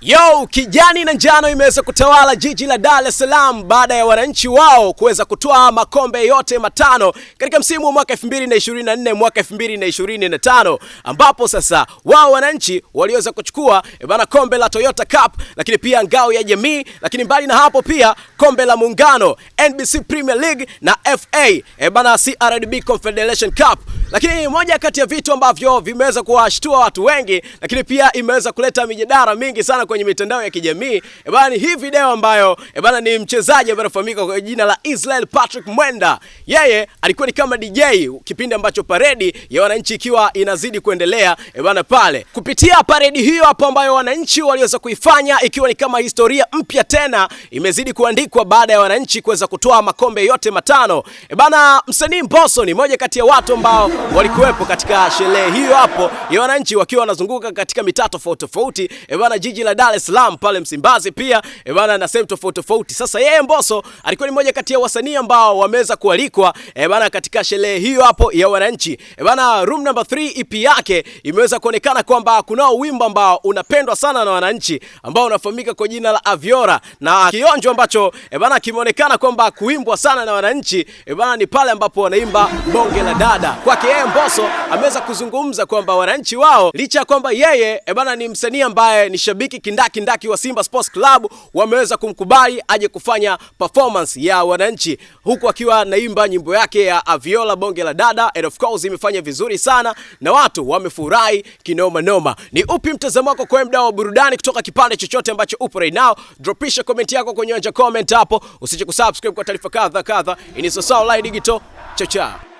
Yo, kijani na njano imeweza kutawala jiji la Dar es Salaam baada ya wananchi wao kuweza kutoa makombe yote matano katika msimu wa mwaka 2024 mwaka 2025, ambapo sasa wao wananchi waliweza kuchukua e bana kombe la Toyota Cup, lakini pia ngao ya jamii, lakini mbali na hapo pia kombe la muungano, NBC Premier League na FA e bana CRDB Confederation Cup. Lakini moja kati ya vitu ambavyo vimeweza kuwashtua watu wengi, lakini pia imeweza kuleta mijadala mingi sana kwenye mitandao ya kijamii e bana, ni hii video ambayo e bana, ni mchezaji ambaye anafahamika kwa jina la Israel Patrick Mwenda. Yeye alikuwa ni kama DJ kipindi ambacho paredi ya wananchi ikiwa inazidi kuendelea e bana, pale kupitia paredi hiyo hapo ambayo wananchi waliweza kuifanya, ikiwa ni kama historia mpya tena imezidi kuandikwa baada ya wananchi kuweza kutoa makombe yote matano e bana, msanii Mbosso ni moja kati ya watu ambao walikuwepo katika sherehe hiyo hapo ya wananchi wakiwa wanazunguka katika mitaa tofauti tofauti, e bwana, jiji la Dar es Salaam pale Msimbazi pia e bwana, na sehemu tofauti tofauti. Sasa yeye Mbosso alikuwa ni mmoja kati ya wasanii ambao wameweza kualikwa e bwana, katika sherehe hiyo hapo ya wananchi e bwana. Room number 3 EP yake imeweza kuonekana kwamba kunao wimbo ambao unapendwa sana na wananchi ambao unafahamika kwa jina la Aviora, na kionjo ambacho e bwana kimeonekana kwamba kuimbwa sana na wananchi e bwana, ni pale ambapo wanaimba bonge la dada kwake yake yeye Mbosso ameweza kuzungumza kwamba wananchi wao licha ya kwamba yeye ebana eh, ni msanii ambaye ni shabiki kindaki ndaki wa Simba Sports Club wameweza kumkubali aje kufanya performance ya wananchi, huku akiwa naimba nyimbo yake ya Aviola bonge la dada, and of course imefanya vizuri sana na watu wamefurahi kinoma noma. Ni upi mtazamo wako kwa mda wa burudani kutoka kipande chochote ambacho upo right now? Dropisha comment yako kwenye anja comment hapo, usiche kusubscribe kwa taarifa kadha kadha. Ini sasa online digital chao chao.